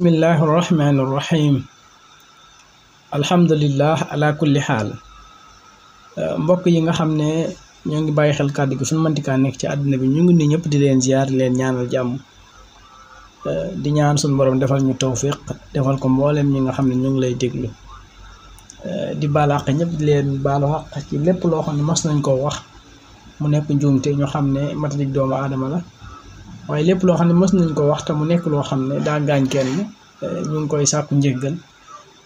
بسم الله الرحمن الرحيم alhamdulilah ala xaal euh, mbokk yi nga xam ne ñoo ngi bàyyi xel kàddu gi suñu mantikaa nekk ci àddina bi ñu ngi nii ñëpp di leen ziar di leen ñaanal jàmm euh, di ñaan suñu borom defal ñu tawfiq defal ko mbooleem ñi nga xam ne ñu ngi lay déglu euh, di baalu àq ñëpp di leen baalu àq ci lépp loo xam ne mas nañ koo wax mu nekk njuumte ñu xam ne matadik doomu aadama la waaye lépp loo xam ne mës nañ ko waxta mu nekk loo xam ne daa gaañ kenn eh, ñu ngi koy sàkku njéggal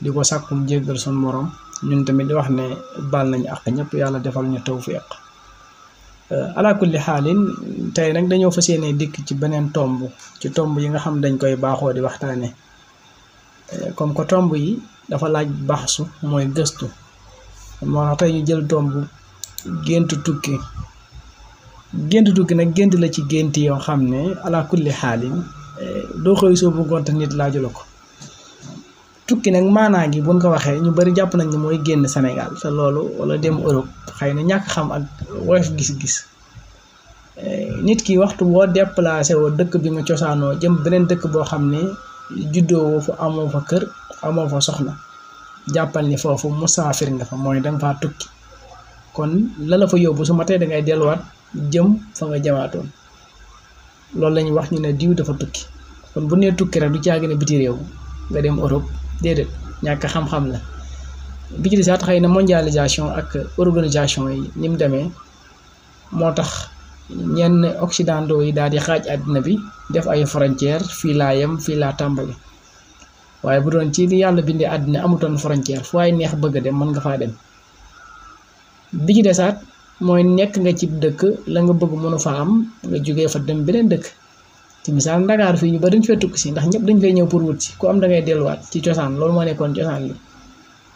di ko sàkku njéggal suñu moroom ñun tamit di wax ne baal nañu ak ñëpp yàlla defal ñu tawfiq eh, ala kulli xaalin tey nag dañoo fa yéene dikk ci beneen tomb ci tomb yi nga xam dañ koy baaxoo di waxtaane eh, comme que tomb yi dafa laaj baxsu mooy gëstu moo tax tey ñu jël tomb gént tukki gént tukki nag gént la ci gént yoo xam ne ala kulli xaalin eh, doo xëy soo bëggoon te nit laaju la ko tukki nag maanaa ngi buñ ko waxee ñu bari jàpp nañ ne mooy génn Sénégal te loolu wala dem Europe xëy na ñàkk xam ak woyof gis-gis eh, nit ki waxtu boo déplacé woo dëkk bi nga cosaanoo jëm beneen dëkk boo xam ne juddoo woo fa amoo fa kër amoo fa soxna jàppal ni foofu musaafir nga fa mooy danga faa tukki kon la la fa yóbbu su ma tey dangay delluwaat jëm fa nga jamaatoon loolu lañuy wax ñu ne diw dafa tukki kon bu nee tukki rek du caagi ne biti réew nga dem Europe déedéet ñàkk xam-xam la bi ci desaat xëy na mondialisation ak organisation yi ni demee moo tax ñenn occidentaux yi daal di xaaj àddina bi def ay frontières fii laa yem fii laa tàmbali waaye bu doon ci li yàlla bindee àddina amutoon frontière fu waaye neex bëgg a dem mën nga faa dem bi ci desaat mooy nekk nga ci dëkk la nga bëgg mënu fa am nga jógee fa dem beneen dëkk ci misaal Ndakaar fii ñu ba dañ fee tukki si ndax ñëpp dañ fay ñëw pour wut si ku am da ngay delluwaat ci cosaan loolu moo nekkoon cosaan li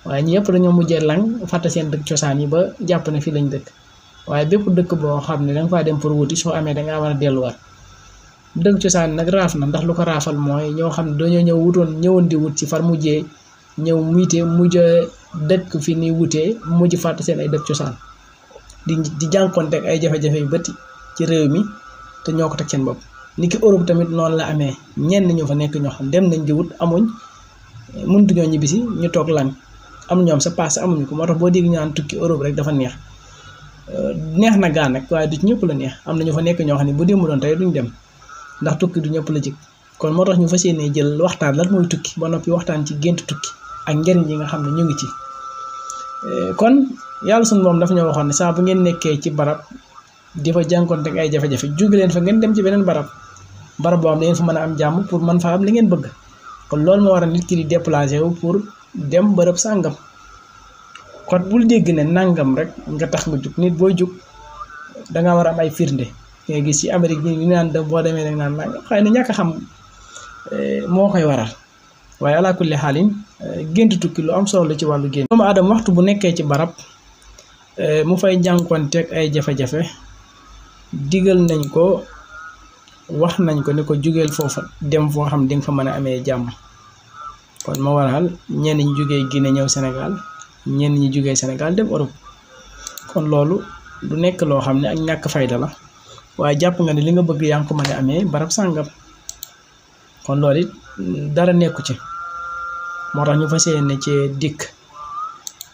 waaye ñi yëpp dañoo mujjee lang fàtte seen dëkk cosaan yi ba jàpp ne fii lañ dëkk waaye bépp dëkk boo xam ne da nga faa dem pour wuti soo amee da ngaa war a delluwaat dëkk cosaan nag raaf na ndax lu ko raafal mooy ñoo xam ne dañoo ñëw wutoon ñëwoon di wut ci far mujjee ñëw muyte mujj dëkk fi ni wutee mujj fàtte seen ay dëkk cosaan di di jànkonteeg ay jafe-jafe yu bëtti ci réew mi te ñoo ko teg seen bopp ni ki Europe tamit noonu la amee ñenn ñu fa nekk ñoo xam dem nañ jiwut amuñ muntu ñoo ñibbisi ñu toog lan am ñoom sa passe amuñu ko moo boo dégg ñu tukki Europe rek dafa neex neex na gaa nag waaye du ñëpp la neex am na ñu fa nekk ñoo xam ne bu démb doon tey duñ dem ndax tukki du ñëpp la jik kon moo tax ñu fas yéenee jël waxtaan lan mooy tukki ba noppi waxtaan ci gént tukki ak njëriñ yi nga xam ne ñu ngi ci Eh, kon yalla sun mom daf ñu waxon ne sa bu ngeen nekké ci barab di fa tek ay jafé jafé jugu leen fa ngeen dem ci benen barab barab bo am ne fa mëna am jamm pour man fa am li ngeen bëgg kon lool mo wara nit ki di déplacer wu pour dem barab sangam kon bul dégg ne nangam rek nga tax nga juk nit boy juk da nga wara am ay firnde ngay gis ci amerique ñu naan bo démé nak naan nangam na ñaka xam eh, moo koy waral. waaye ala kulli xaalin gént tukki lu am solo ci wàllu génn doomu aadama waxtu bu nekkee ci barab eh, mu fay jànkuwanteeg ay jafe-jafe digal nañ ko wax nañ ko ni ko jugeel foofa dem foo xam ne nga fa mën a amee jàmm kon ma waral ñenn ñi jugee Guinée ñëw Sénégal ñenn ñi jugee senegal dem Europe kon loolu du nekk loo xam ne ak ñàkk fayda la waaye jàpp nga ni li nga bëgg yaa ngi ko ma a amee barab sàngam. kon it dara nekku ci moo tax ñu fas yéene ci dikk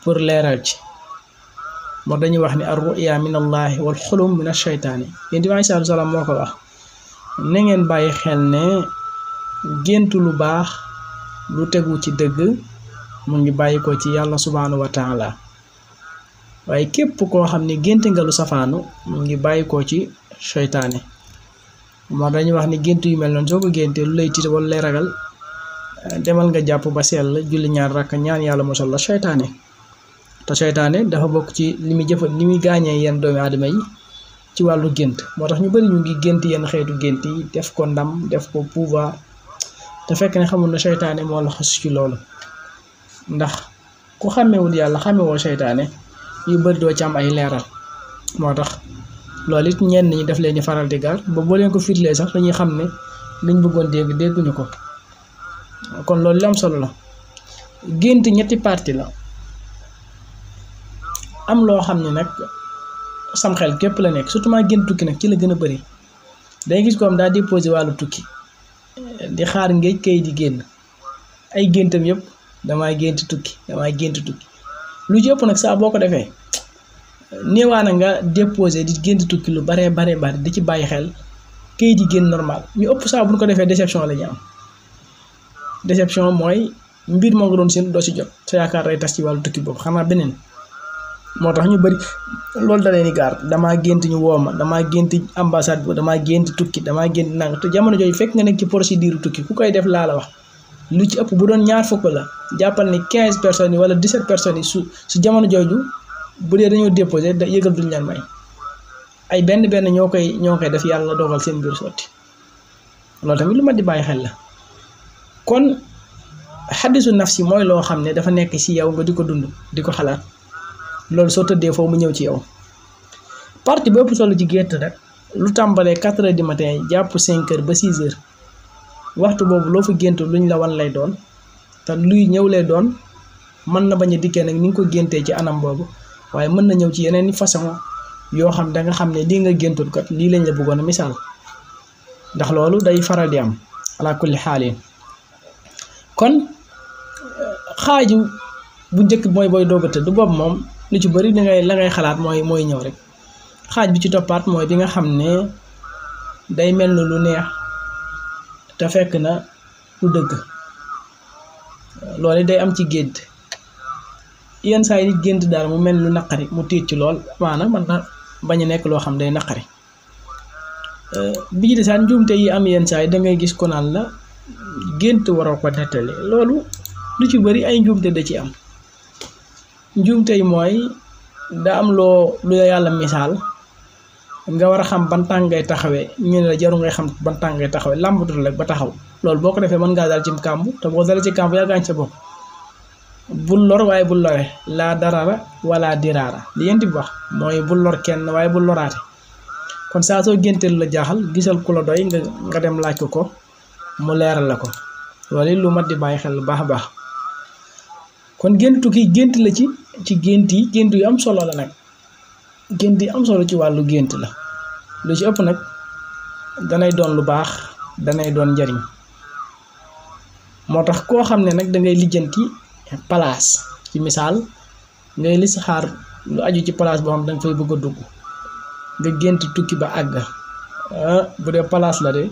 pour leeral ci moo dañuy wax ni ar ruya min allahi wal xulum min asheytaani yéen bi aleyhi salaam moo ko wax na ngeen bàyyi xel ne gént lu baax lu tegu ci dëgg mu ngi bàyyi ko ci yàlla subaanu wa taala waaye képp koo xam ne gént nga lu safaanu mu ngi bàyyi ko ci seytaane moo dañuy wax ni gént yu mel noonu soo ko géntee lu lay tiit wala lay ragal euh, demal nga jàpp ba sell julli ñaar rakk ñaan yàlla mosal la seytaane te seytaane dafa bokk ci li muy jëfa li muy gaañee yenn doomi aadama yi ci wàllu gént moo tax ñu bëri ñu ngi gént yenn xeetu gént yi def ko ndam def ko pouvoir te fekk ne xamul na seytaane moo la xas ci loolu ndax ku xàmmewul yàlla xàmmewoo seytaane yu bëri doo ci am ay leeral moo tax loolu it ñenn ñi def leen di faral di gaar ba boo leen ko firlee sax dañuy xam ne liñ bëggoon dégg dégguñu ko kon loolu li am la gént ñetti parti la am loo xam ne nag sam xel képp la nekk surtout maa tukki nag ci la gën a bëri day gis ko am daa déposé wàllu tukki di xaar ngéej kay di génn ay géntam yëpp damaa gént tukki damaa gént tukki lu ci nag saa boo ko defee néewaana nga déposé di génn tukki lu baree baree bari di ci bàyyi xel kayit yi génn normal ñu ëpp saa bu ñu ko defee déception la ñu am déception mooy mbir moo nga doon seen doo ci jot sa yaakaar day tas ci wàllu tukki boobu xamaa beneen moo tax ñu bëri loolu da leen di damaa gént ñu woo ma damaa gént ambassade bi damaa gént tukki damaa génn nang te jamono jooju fekk nga nekk ci procédure tukki ku koy def laa la wax lu ci ëpp bu doon ñaar fukk la jàppal ne quinze personnes yi wala dix-sept personnes yi su jamono jooju bu dee dañoo déposé da yëgal duñ leen may ay benn benn ñoo koy ñoo koy def yàlla dogal seen biir sotti loolu tamit lu ma di bàyyi xel la kon xaddisu si mooy loo xam ne dafa nekk ci yow nga di ko dund di ko xalaat loolu soo tëddee foofu mu ñëw ci yow partie bépp solu ci gerte rek lu tàmbalee quatre heures du matin jàpp cinq heures ba six heures waxtu boobu loo fa gént luñ la wan lay doon te luy ñëw lay doon mën na bañ a dikkee nag ni nga ko géntee ci anam boobu waaye mën na ñëw ci yeneen i façon yoo xam da nga xam ne lii nga géntul kat lii lañ la bëggoon a misaal ndax loolu day faral di am ala kulli kon xaaju bu njëkk mooy booy doog a tëdd boobu moom lu ci bëri da ngay xalaat mooy mooy ñëw rek xaaj bi ci toppaat mooy bi nga xam ne day mel na lu neex te fekk na lu dëgg loolu day am ci gédd yenn saa yi gént daal mu mel lu naqari mu tiit ci lool maanaam man na bañ a nekk loo xam day naqari eh, bi de desaan njuumte yi am yenn saa yi da gis ko naan la gént waroo ko nettali loolu lu ci bëri ay njuumte da ci am njuumte yi daa am loo la yàlla misaal nga war a xam ban tànk ngay taxawee ñu ne la jaru ngay xam ban tànk ngay taxawee làmbatu la ba taxaw loolu boo ko defee mën ngaa dal ci kàmb te boo dalee ci kàmb yaa gaañ sa bopp. bul lor waaye bul lore laa dara darara wala diraara li yéen di wax mooy bul lor kenn waaye bul loraate kon saa soo génteel la jaaxal gisal ku la doy nga nga dem laaj ko ko mu leeral la ko loolu lu mat di bàyyi xel baax a baax kon géntu ki gént la ci ci gént yi gént yu am solo la nag gént yi am solo ci wàllu gént la lu ci ëpp nag danay doon lu baax danay doon njariñ moo tax koo xam ne nag dangay lijjanti place ci misal ngay xaar lu aju ci place bo xam danga fay bëgg dugg nga gënt tukki ba àgg ah, bu dee place la de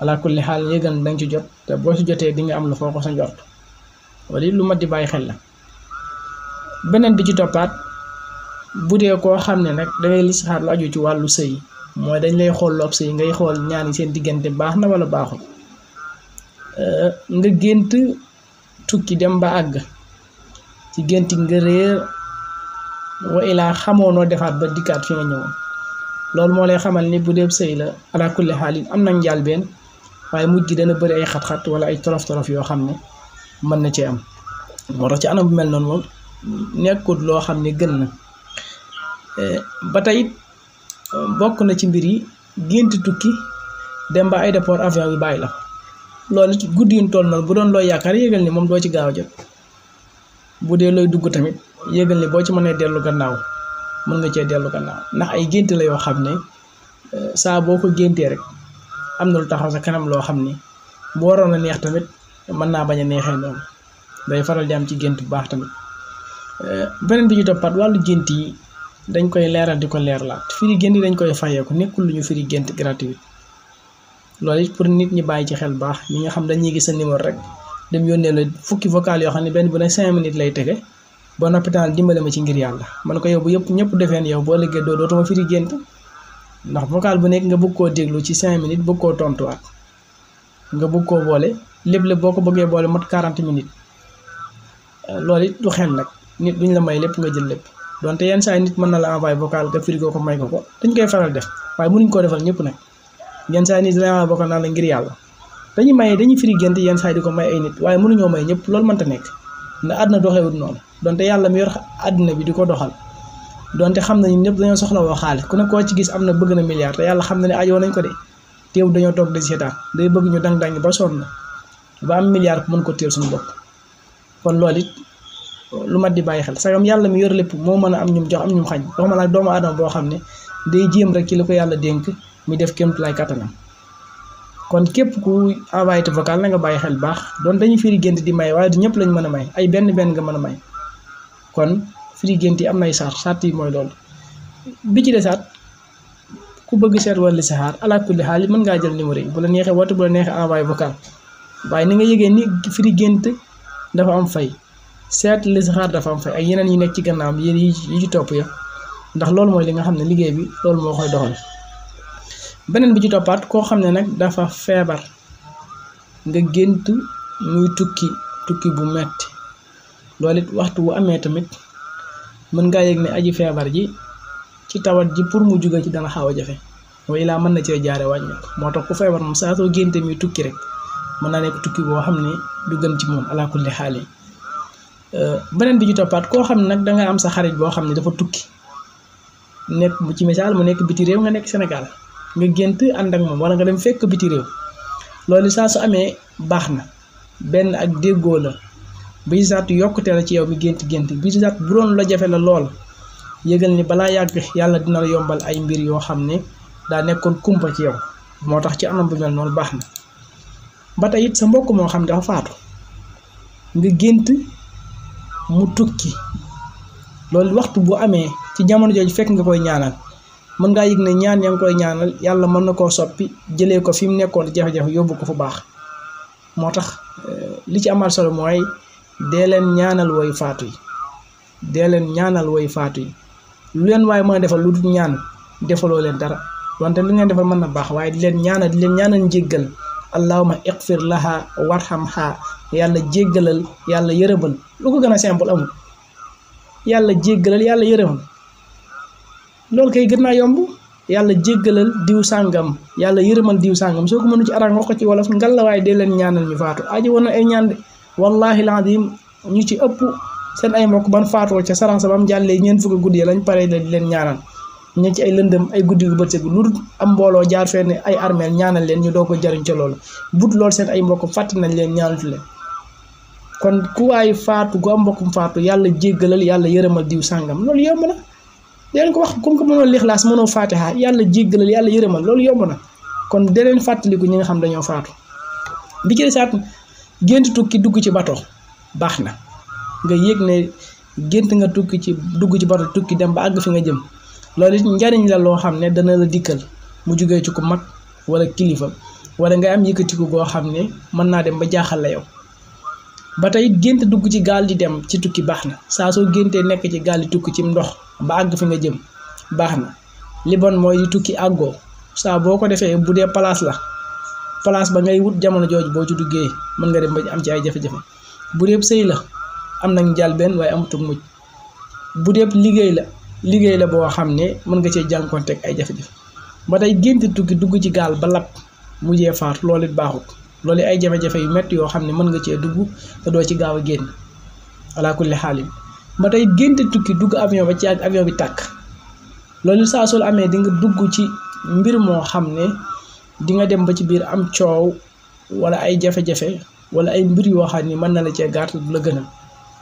ala kulli hal yegan danga ci jot te bo ci jotee di nga am lu foo ko sa jot wali lu ma di bay xel la benen bi ci topat bu dee koo nak da ngay dangay xaar lu aju ci walu sey moy dañ lay xol lopp sey ngay xol ñaani seen digënté baax na wala baaxul ah, nga gënt tukki dem ba àgg ci gént nga réer wa ilaa defaat ba dikkaat fi nga ñëwoon loolu moo lay xamal ni bu dee sëy la ala kulli xaalin am na njàlbeen waaye mujj dana bari ay xat-xat wala ay torof-torof yoo xam ne mën na cee am moo ci anam bu mel noonu moom nekkut loo xam ne gën na eh, ba tey bokk na ci mbir yi gént tukki dem ba aéroport avion bi bàyyi la loolu ci guddi yuñ tool noonu bu doon looy yaakaar yégal ni moom doo ci gaaw jot bu dee looy dugg tamit yégal ni boo ci mënee dellu gannaaw mën nga cee dellu gannaaw ndax ay gént la yoo xam ne euh, saa boo ko géntee rek am na lu taxaw sa kanam loo xam ni bu waroon a neex tamit mën naa bañ a neexee noonu day faral di am ci gént bu baax tamit euh, beneen bi ñu toppaat wàllu gént yi dañ koy leeral di ko leerlaat firi gént yi dañ koy fayeeku nekkul lu ñu firi gént gratuit loolu it pour nit ñi bàyyi ci xel baax ñi nga xam dañuy gis sa numéro rek dem yónnee la fukki vocal yoo xam ne benn bu ne cinq minutes lay tege ba noppitaan daal dimbale ma ci ngir yàlla man ko yow bu yëpp ñëpp defeen yow boo liggéey doo dootuma firi gént ndax vocal bu nekk nga bëgg koo déglu ci cinq minutes bëgg koo tontuwaat nga bugg koo boole lépp lépp boo ko bëggee boole mot quarante minutes loolu it du xel nag nit duñ la may lépp nga jël lépp donte yenn saa nit mën na la envoyé vocal nga firi ko may ko ko dañ koy faral def waaye mënuñ koo defal ñëpp nag. yenn saa yi nit dina bokkal naa la ngir yàlla dañuy maye dañuy firi gént yenn saa yi di ko may ay nit waaye mënuñoo may ñëpp loolu mënta nekk ndax àdduna doxewut noonu donte yàlla mi yor àdduna bi di ko doxal donte xam nañu ñëpp dañoo soxla woo xaalis ku ne koo ci gis am na bëgg na milliard te yàlla xam na ne ajoo nañ ko de teew dañoo toog di seetaan day bëgg ñu dang dang ba sonn ba am milliard mën ko téel suñu bopp kon lool it lu mat di bàyyi xel sagam yàlla mi yor lépp moo mën a am ñum jox am ñum xañ waxuma nag doomu aadama boo xam ne day jéem rek ci li ko yàlla dénk muy def kéem tolluwaay kattanam kon képp ku envoyé te vocal na nga bàyyi xel baax doon dañuy firi gént di may waaye du ñëpp lañ mën a may ay benn benn nga mën a may kon firi gént yi am nay sart sart yi mooy loolu bi ci desaat ku bëgg seet wala listixaar ala kulli xaal mën ngaa jël numéro yi bu la neexee woote bu la neexee envoyé vocal waaye ni nga yëgee ni firi gént dafa am fay seet listixaar dafa am fay ay yeneen yi nekk ci gannaawam yéen yi ci topp ya ndax loolu mooy li nga xam ne liggéey bi loolu moo koy doxal beneen bi ci toppaat koo xam ne nag dafa feebar nga gént muy tukki tukki bu metti loolu it waxtu bu amee tamit mën ngaa yëg ne aji feebar ji ci tawat ji pour mu jóge ci danga xaw a jafe waaye laa mën na cee jaare wàññeeku moo tax ku feebar moom saa soo génte muy tukki rek mën naa nekk tukki boo xam ne du gën ci moom ala kulli xaali euh, beneen bi ci toppaat koo xam ne nag danga am sa xarit boo xam ne dafa tukki nekk ci misaal mu nekk biti réew nga nekk Sénégal nga gënt and ak mom wala nga dem fekk biti rew loolu sa su amé baxna ben ak déggo la bi zaatu yokuté la ci yow mi gënt gënt bi zaatu bu doon la jafé la lool yëgal ni bala yag yalla dina la yombal ay mbir yo xamné da nekkon kumpa ci yow motax ci anam bu ñal non baxna na ba tey it sa mbokk mo xam dafa faatu nga gënt mu tukki loolu waxtu bu amé ci jamono joj fekk nga koy ñaanal mën ngaa yëg ne ñaan ya nga koy ñaanal yàlla mën na koo soppi jëlee ko fi mu nekkoon jafe-jafe yóbbu ko fu baax moo eh, li ci amal solo mooy dee leen ñaanal way faatu yi dee leen ñaanal way faatu yi lu leen waaye mën a defal lu dul ñaan defaloo leen dara wante li ngeen defal mën na baax waaye di leen ñaanal di leen ñaanal njéggal allahuma iqfir laha warhamha yàlla jéggalal yàlla yërëmal lu ko gën a simple amul yàlla jéggalal yàlla yërëmal loolu kay gën naa yomb yàlla jéggalal diw sàngam yàlla yërëmal diw sàngam soo ko mënu ci arang wax ko ci wolof nga la waaye dee leen ñaanal ñu faatu aji woon na ay ñaan de wallaahi laadim ñu ci ëpp seen ay mbokk ban faatoo ca saransa bam jàllee ñeent fukki guddi lañ paree la di leen ñaanal ñu ci ay lëndëm ay guddi gu bëccëg lu dul am mbooloo jaar fenn ay armeel ñaanal leen ñu doo ko jariñ ca loolu but loolu seen ay mbokk fàtte nañ leen ñaanatu leen kon ku waay faatu gu am mbokkum faatu yàlla jéggalal yàlla yërëmal diw sàngam loolu yomb na leen ko wax comme que mënoo laas mënoo faatiha yàlla jéggalal yàlla yërëmal loolu yomb na kon da leen fàttaliku ñi nga xam dañoo faatu bi ci desaat gént tukki dugg ci bato baax na nga yëg ne gént nga tukki ci dugg ci bato tukki dem ba àgg fi nga jëm loolu it njariñ la loo xam ne dana la dikkal mu jóge ci ku mag wala kilifa wala ngay am yëkkatiku goo xam ne mën naa dem ba jaaxal la yow ba tey gént dugg ci gaal di dem ci tukki baax na saa soo géntee nekk ci gaal di tukki cim ndox ba àgg fi nga jëm baax na li bon mooy di tukki àggoo saa boo ko defee bu dee place la place ba ngay wut jamono jooju boo ci duggee mën nga dem ba am ci ay jafe bu dee sëy la am nañ jàll benn waaye amatul mujj bu dee liggéey la liggéey la boo xam ne mën nga cee jànkonteeg ay jafe-jafe ba tey gént tukki dugg ci gaal ba lab mujjee faat loolu it baaxut loolu ay jafe-jafe yu métti yoo xam ne mën nga cee dugg te doo ci gaaw a génn alaa kulli xaalim ba tey génte tukki dugg avion ba ci ak avion bi tàkk loolu saa sol amee dinga dugg ci mbir moo xam ne di nga dem ba ci biir am coow wala ay jafe-jafe wala ay mbir yoo xam ni mën na la cee gàtt du la gën a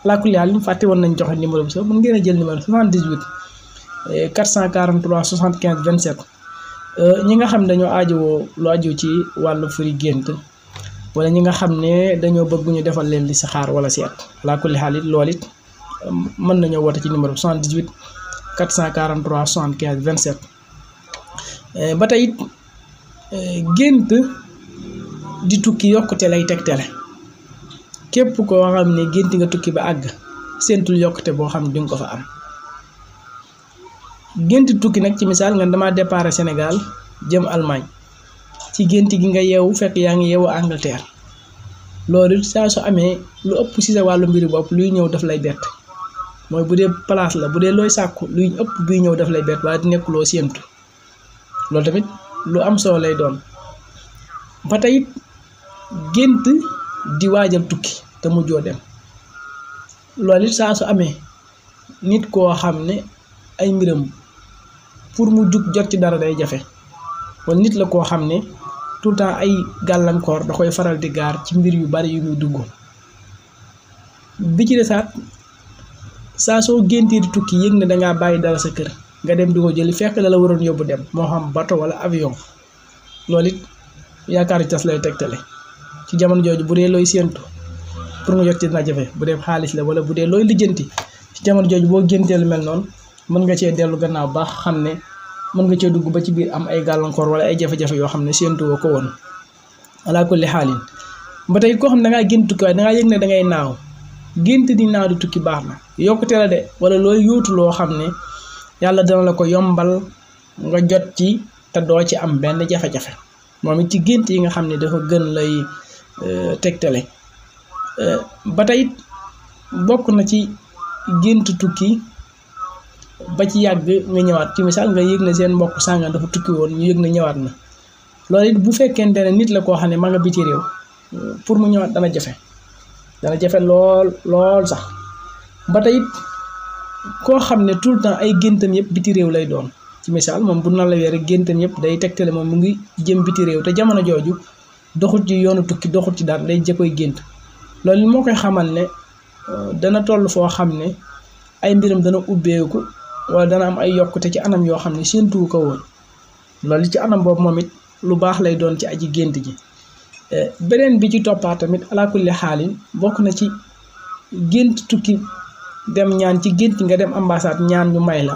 laakul yàlla fàtte woon nañ joxe numéro bi sax mën ngeen a jël numéro 78 443 75 27 ñi nga xam ne dañoo aajowoo lu aju ci wàll firi gént wala ñi nga xam ne dañoo bëgg ñu defal leen li saxaar wala seet laakul yàlla it loolu it mën nañu wote ci numéro 78 443 75 27 ba tey eh, gént di tukki yokkute lay tegtale képp ko xam ne gént nga tukki ba àgg seentul yokkute boo xam di ko fa am gént tukki nag ci misaal nga dama départ Sénégal jëm Allemagne ci gént gi nga yeewu fekk yaa ngi yeewu Angleterre loolu saa su amee lu ëpp ci sa wàllu mbir bopp luy ñëw daf lay bett mooy bu dee place la bu dee looy sàkku luy ëpp buy ñëw daf lay bet waaye di nekkuloo loo séentu loolu tamit lu am solo lay doon ba it gént di waajal tukki te mujjoo dem loolu it saa su amee nit koo xam ne ay mbiram pour mu jug jot ci dara day jafe kon nit la koo xam ne tout le temps ay gàllankoor da koy faral di gaar ci mbir yu bari yu muy dugg bi ci desaat saa soo géntee di tukki yëg ne dangaa bàyyi dara sa kër nga dem di ko jëli fekk la la waroon yóbbu dem moo xam bato wala avion loolu it yaakaar ci tas lay tegtale ci jamono jooju bu dee looy séentu pour nga jot ci jafe bu dem xaalis la wala bu dee looy lijjanti ci jamono jooju boo géntee lu mel noonu mën nga cee dellu gannaaw baax xam ne mën nga cee dugg ba ci biir am ay gàllankoor wala ay jafe-jafe yoo xam ne séentu woo ko woon alaa kulli xaalin ba tey koo xam ne dangaa gént tukki waaye dangaa yëg ne naaw gént di naa du tukki baax na yokkute la de wala looy yootu loo xam ne yàlla dana la ko yombal nga jot ci te ci am benn jafe-jafe moom it ci gént yi nga xam ne dafa gën lay e, tegtale e, ba tey bokk na ci gént tukki ba ci yàgg nga ñëwaat ci misaal nga yëg na seen mbokk sànga dafa tukki woon ñu yëg na ñëwaat na loolu it bu fekkente ne nit la koo xam ne ma nga biti réew pour mu ñëwaat dana jafe dana jafe lool lool sax ba tey it koo xam ne tout le temps ay géntam yëpp biti réew lay doon ci misaal moom bu na rek géntam yëpp day tegtale moom mu ngi jëm biti réew te jamono jooju doxut ci yoonu tukki doxut ci dara day jëkkoy gént loolu moo koy xamal ne euh, dana toll foo xam ne ay mbiram dana ubbeeku wala dana am ay yokkute ci anam yoo xam ne séentuwu ko woon loolu ci anam boobu moom it lu baax lay doon ci aji gént ji Eh, beneen bi ci toppaat tamit ala kulli bokk na ci gént tukki dem ñaan ci gént nga dem ambassade ñaan ñu may la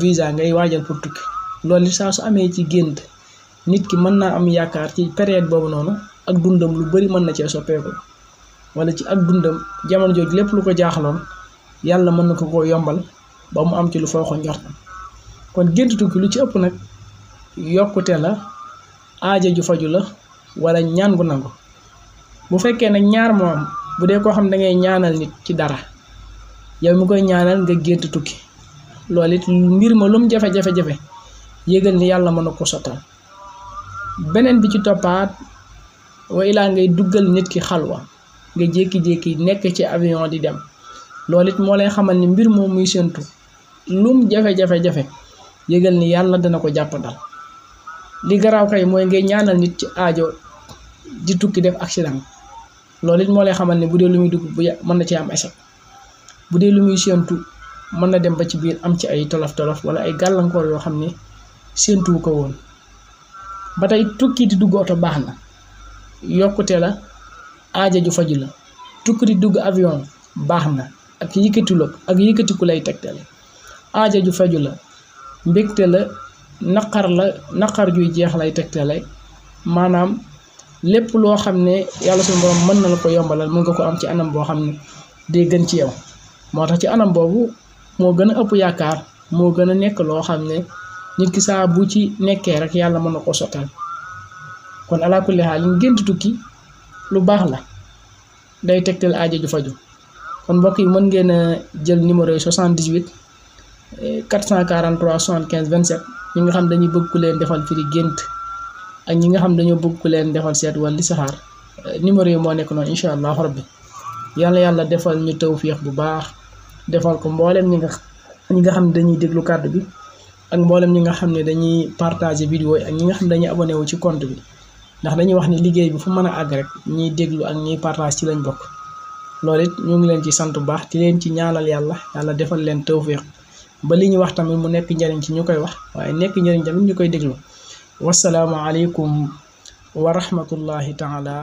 visa ngay waajal pour tukki loolu saa su amee ci gént nit ki mën naa am yaakaar ci période boobu noonu ak dundam lu bari mën na cee soppeeku wala ci ak dundam jamono jooju lépp lu ko jaaxaloon yàlla mën na ko koo yombal ba mu am ci lu fooxo njortam kon gént tukki lu ci ëpp nag yokkute la aaja ju faju la wala ñaan gu nangu bu fekkee nag ñaar moo bu dee koo xam ne dangay ñaanal nit ci dara yow mi koy ñaanal nga gént tukki lool it mbir ma lum jafe-jafe-jafe yëgal ni yàlla mën na ko sottal beneen bi ci toppaat wa ilaa ngay duggal nit ki xalwa nga jékki-jékki nekk ci avion di dem loolu it moo lay xamal ni mbir moom muy séntu lum jafe-jafe-jafe yëgal ni yàlla dana ko jàppandal li garaaw kay mooy ngay ñaanal nit ci aajo di tukki def accident loolu it moo lay xamal ne bu dee lu muy dugg bu mën na ci am échec bu dee lu muy séentu mën na dem ba ci biir am ci ay tolof tolof wala ay gàllankoor yoo xam ne séentuwu ko woon ba tey tukki di dugg oto baax na yokkute la aaja ju faju la tukki di dugg avion baax na ak yëkkati ak yëkkatiku lay tegtale aaja ju faju la mbégte la naqar la naqar juy jeex lay tegtale maanaam lépp loo xam ne yàlla suñu borom mën na la ko yombalal mën nga ko am ci anam boo xam ne day gën ci yow moo tax ci anam boobu moo gën a ëpp yaakaar moo gën a nekk loo xam ne nit ki saa bu ci nekkee rek yàlla mën na ko sottal kon ala kulli xaal liñ gént tukki lu baax la day tegtal aajo ju faju kon mbokk yi mën ngeen a jël numéro yi 78 443 75 27. ñi nga xam dañuy bëgg leen defal firi gént ak ñi nga xam dañoo bëgg leen defal seet wala li saxaar eh, numéro yi moo nekk noonu incha allah rabbi yàlla yàlla defal ñu tawfiix bu baax defal ko mboolem ñi nga ñi nga xam ne dañuy déglu kàddu bi ak mboolem ñi nga xam ne dañuy partage vidéo yi ak ñi nga xam ne dañuy abonné wu ci compte bi ndax dañuy wax ni liggéey bi fu mën a àgg rek ñiy déglu ak ñiy partage ci lañ bokk loolu it ñu ngi leen ci sant bu baax ci leen ci ñaalal yàlla yàlla defal leen tawfiix ba li ñuy wax tamit mu nekk njariñ ci ñu koy wax waaye nekk njariñ tamit ñu koy déglu wasalaamu aleykum wa rahmatullahi taala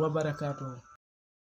wa